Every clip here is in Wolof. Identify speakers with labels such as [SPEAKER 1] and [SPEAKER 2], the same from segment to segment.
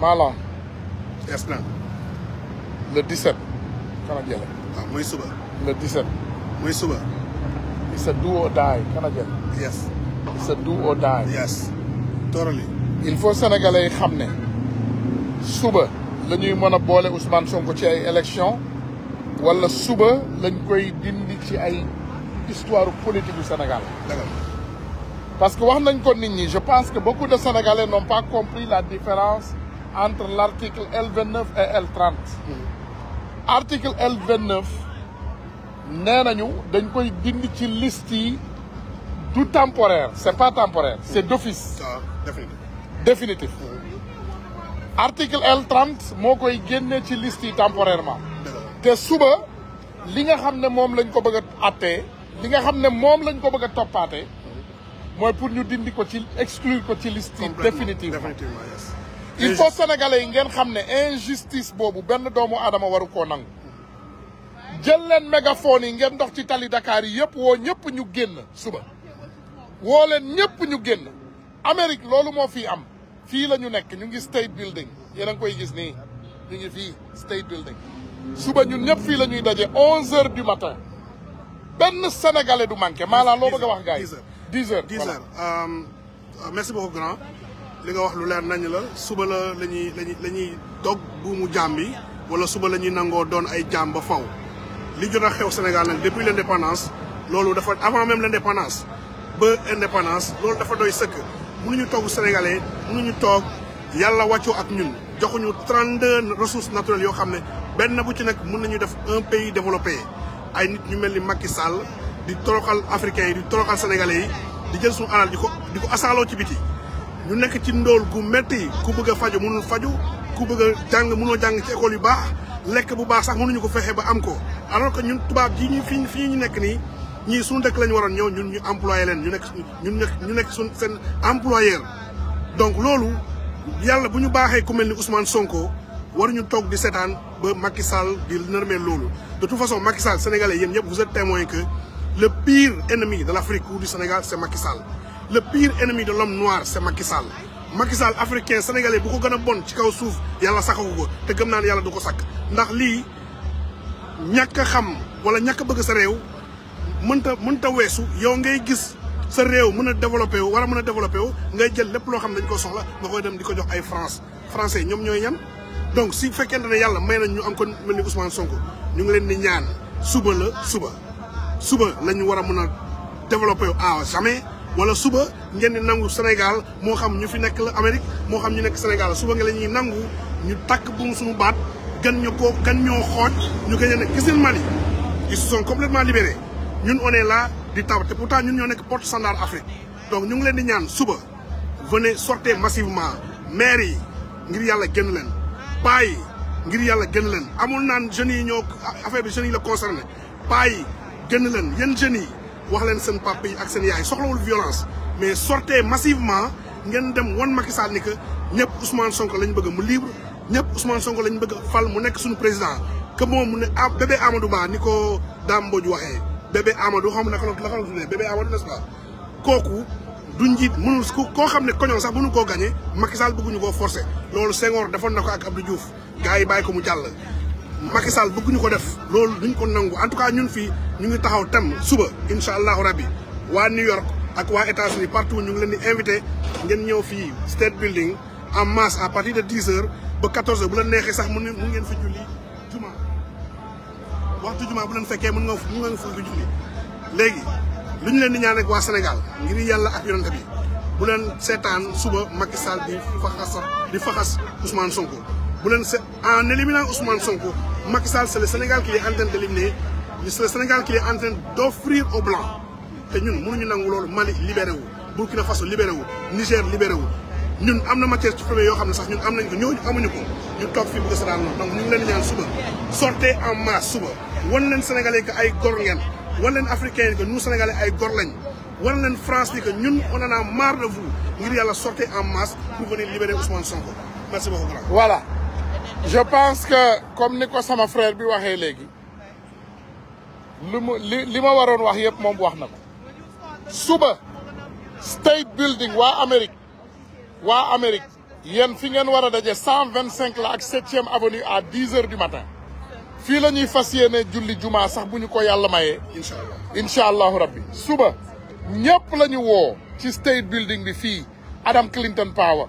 [SPEAKER 1] Mala... yes 17... le 17. Ah, le 17. moi suba. it's a do or die Il yes. it's a do or die. yes. totally. il faut sénégalais les suba 17... Ousmane Sonko le suba lañ koy dindi histoire politique du Sénégal. Parce que je pense que beaucoup de Sénégalais n'ont pas compris la différence entre l'article L29 et L30 mhm. article L29 nous nañu dañ koy dindi ci liste du temporaire c'est pas temporaire c'est d'office définitif mhm. article L30 moo koy génne ci liste temporairement te suba li nga xam ne moom lañ ko bëgg a attee li nga xam ne moom lañ ko bëgg mhm. pour nous, exclure ko ci liste définitive. définitivement il faut sénégalais yi ngeen xam ne injustice boobu benn doomu aadama waru koo nangu jël leen mégaphone yi ngeen ndox ci tali dakaar yi yëpp woo ñëpp ñu génn suba woo leen ñëpp ñu génn Amérique loolu moo fi am fii la ñu nekk ñu ngi state building yéen a ngi koy gis nii ñu ngi fii state building suba ñun ñëpp fii la ñuy daje onze heures du matin benn sénégalais du manqué maanaam loo bëgg a wax gars yi
[SPEAKER 2] dix heures dix heures euh, euh, merci beaucoup li nga wax lu leer nañ la suba la la ñuy la ñuy dog buumu jaam bi wala suba la ñuy nangoo doon ay jaam ba faw li jot a xew Sénégal nag depuis l' indépendance loolu dafa avant même l' indépendance ba indépendance loolu dafa doy sëkk mënuñu toog sénégalais mënuñu toog yàlla wàccoo ak ñun joxuñu 32 ressources naturelles yoo xam ne benn bu ci nekk mën nañu def un pays développé ay nit ñu mel ni Macky Sall di toroxal africains yi di toroxal sénégalais yi di jël suñu alal di ko di ko asaaloo ci biti ñu nekk ci ndol gu metti ku bëgg faju mënul faju ku bëgg jang mëno jang ci école yu baax lekk bu baax sax mënuñu ko fexé ba am ko alors que ñun tubaab ji ñu fi fii ñu nek ni ñi suñu dekk lañu waron waroon ñun ñu employé leen ñu nek ñun ñu nekk suñ seen employeur donc loolu yalla buñu baxé ku melni Ousmane Sonko waruñu tok di sétane ba Macky Sall di nërmeel loolu de toute façon Macky Sall sénégalais yeen ñëpp vous êtes témoin que le pire ennemi de l'Afrique ou du Sénégal c'est Macky Sall le pire ennemi de l'homme noir c'est Macky Sall Macky Sall africain sénégalais bu ko gën a bon ci kaw suuf yàlla sakkagu ko gëm a xam wala qui a bëgg sa réew mënta mënta yow ngay gis a wala a ngay jël xam dañ ko soxla dem France français ils sont donc si fekkente ne yàlla may nañ ñu am ko mel Ousmane Sonko ñu ngi ñaan suba la suba a jamais wala suba ngeen nangu Sénégal mo xam ñu fi nek la Amérique moo xam ñu nek Sénégal suba nga la nangu ñu tak bu suñu baat gan ñu ko kan ñoo xoj ñu gën nek nekk Mali ils sont complètement libérés ñun on est là di taw té pourtant ñun ñoo nek porte standard Afrique donc ñu ngi leen di ñaan suba venez sortez massivement maire yi ngir yalla gën leen paa yi ngir yalla gën leen amul naan jeune yi ñoo affaire bi jeune yi la concerné paa yi génn leen yéen jeune yi wax leen seen papa violence mais sortez massivement vous dem wan Macky Sall que Ousmane Sonko lañ bëgg mu libre ñëpp Ousmane Sonko lañ bëgg fal mu président que le mu ah, bébé Amadou Ba niko le Dame bébé Amadou xam naka la naka bébé Amadou n'est-ce pas koku qui njiit mënul ko ko ne koñoon sax buñu ko gagner Macky Sall bëgguñu ko forcer lolu Senghor defoon nako ak Abdou Diouf gaay bay ko mu jall Macky Sall bëgg ñu ko def lool duñ ko nangu en tout cas ñun fi ñu ngi taxaw tam suba inshallah rabbi wa New York ak wa États-Unis partout ñu ngi leen di inviter ngeen ñëw fi State Building en masse à partir de 10 h ba 14 h bu leen nexé sax mu ngeen fi julli juma waxtu juma bu leen fekkee mu nga mu nga fu julli légui luñ leen di ñaan ak wa Sénégal ngir yalla ak bi bu leen sétane suba Macky Sall di faxas di faxas Ousmane Sonko en éliminant Ousmane Sonko Maxal, c'est le Sénégal qui est en train d'éliminer c'est le Sénégal qui est en train d'offrir aux Blancs Nous ñun mënuñu Mali libéré Burkina Faso libéré Niger libéré matière sortez en masse suba sénégalais des choses, nous sénégalais ay gor en France ni que en a marre de vous ngir sortez en masse pour venir libérer Ousmane Sonko merci beaucoup.
[SPEAKER 1] voilà. je pense que comme ni ko sama frère bi waxee léegi lu li li ma waroon wax yëpp moom wax na ko suba state building waa Amérique waa Amérique yenn fi ngeen war a daje cent vingt cinq la ak septième avenue à dix heures du matin fii la ñuy fas yéene julli jumaa sax bu ñu ko yàlla mayee incha allahu rabbi suba ñëpp la woo ci state building bi fii Adam Clinton Power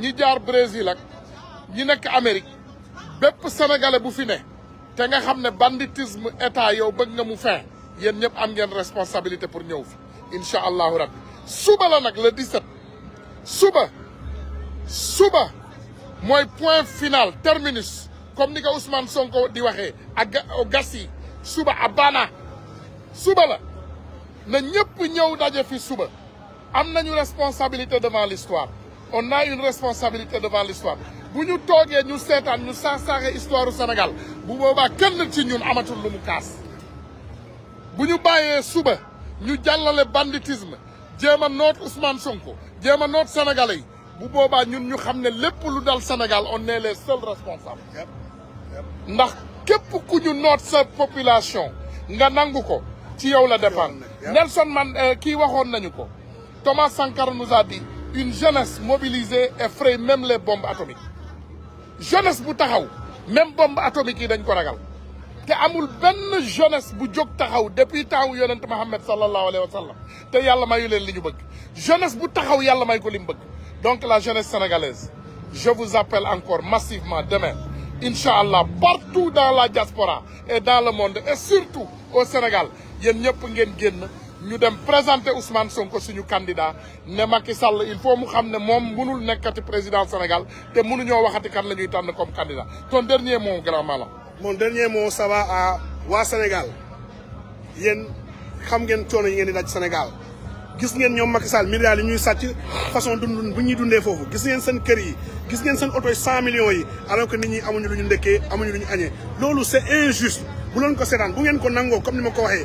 [SPEAKER 1] ñi jaar Brésil ak ñi nek Amérique bép sénégalais bu fi né té nga xamné ne banditisme état yow bëgg nga mu fin yeen ñëpp am ngeen responsabilité pour ñëw fi inshallah rabb suba la nak le 17 suba suba moy point final terminus comme ni ko Ousmane Sonko di waxé ak gassi suba abana suba la na ñëpp ñëw dajé fi suba am nañu responsabilité devant l'histoire on a une responsabilité devant l'histoire bu nous toogee ñu seetaan ñu saax histoire du Sénégal bu boobaa kenn ci ñun amatul lu mu kaas bu ñu bàyyee suba ñu jàllale banditisme jéem a Ousmane Sonko jéem a sénégalais yi bu boobaa ñun ñu xam dans le lu dal Sénégal on est les seuls responsables ndax képp ku ñu noot sa population nga n'anguko. ko ci yow la dépendre Nelson man eh, kii waxoon nañu Thomas Sankara nous a dit une jeunesse mobilisée effraie même les bombes atomiques jeunesse bu taxaw même bombe atomique qui dañ ko ragal te amul ben jeunesse bu jóg taxaw depuis temps yonent Mohamed, sallallahu alayhi wa sallam te yalla mayu leen bëgg jeunesse bu taxaw yàlla may ko li donc la jeunesse sénégalaise je vous appelle encore massivement demain Inch'Allah, partout dans la diaspora et dans le monde et surtout au Sénégal Yen ñëpp ngeen ñu dem présenter Ousmane Sonko suñu candidat ne Macky Sall il faut mu xam ne moom mënul nekkati président Sénégal te mënuñoo waxati kan la ñuy tànn comme candidat ton dernier mot grand malam
[SPEAKER 2] mon dernier mot ça va à waa Sénégal yéen xam ngeen coono yi ngeen di daj Sénégal gis ngeen ñoom Macky Sall milliards yi ñuy sàcc façon dundun bu ñuy dundee foofu gis ngeen seen kër yi gis ngeen seen oto yi cent millions yi alors que ni ñi amuñu lu ñu ndekkee amuñu lu ñu añee loolu c'est injuste bu leen ko seetaan bu ngeen ko nangoo comme ni ma ko waxee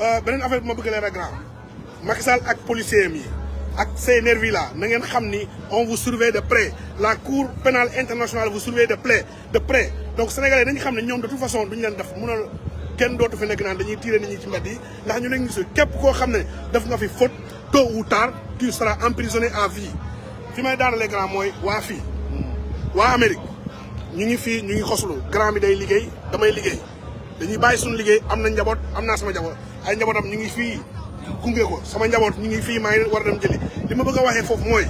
[SPEAKER 2] Euh, benen affaire bi ma bëgg leen a grand Macky Sall ak policier yi ak ces nervis là na ngeen xamni on vous surveille de près la cour pénale internationale vous surveille de près de près donc sénégalais dañu xamni ne ñoom de toute façon duñu leen def mënal kenn dootu fi nekk naan dañuy tirer nit ñi ci mbedd ndax ñu leen gisul képp ko xamné ne def nga fi faute tôt ou tard tu seras emprisonné à vie fi may les grands moy wa fi wa Amérique ñu ngi fi ñu ngi xoslu grand bi day liggéey damay liggéey dañuy bàyyi suñu liggéey am na njaboot am naa sama njaboot ay njabotam ñi ngi fi gunge ko sama njabot ñi ngi fi may war dem jëli li bëgg waxé fofu moy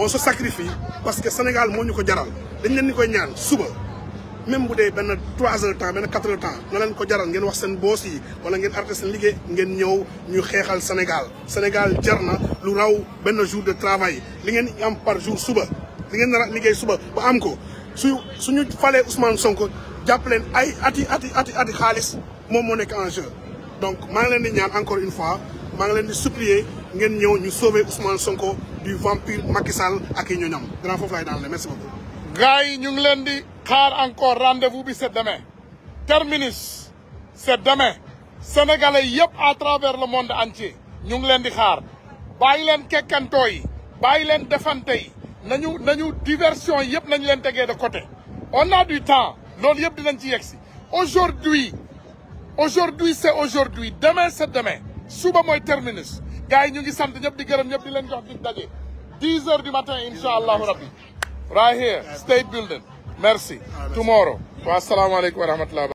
[SPEAKER 2] on se sacrifie parce que Sénégal moñu ko jaral dañ leen ni koy ñaan suba même bu dee benn trois heures temps ben 4 heures temps na leen ko jaral ngeen wax sen boss yi wala ngeen arté sen liggé ngeen ñëw ñu xéxal Sénégal Sénégal jarna lu raw ben jour de travail li ngeen am par jour suba li ngeen nar liggé suba ba am ko su suñu falé Ousmane Sonko jàpp leen ay ati ati ati ati xaalis mom mo nek en jeu donc je vous demande encore une fois je vous di supplier ngeen sauver Ousmane Sonko du vampire Macky Sall ak i ñoñam merci beaucoup. gars nous ñu ngi
[SPEAKER 1] encore rendez-vous bi demain terminus c'est demain sénégalais yep, à travers le monde entier nous ngi leen di xaar bàyyi leen kekkantoo yi bàyyi leen defante yi nañu nañu diversion yëpp nañu leen de côté on a du temps Nous, yëpp dinañ ci aujourd'hui aujourd'hui c'est aujourd'hui demain c'est demain suba mooy terminus gars yi ñu ngi sant ñëpp di gërëm ñëpp di leen jox dig daje 10 heures du matin insha allahu rabbi right here state building merci tomorrow wa asalaamaaleykum wa rahmatullah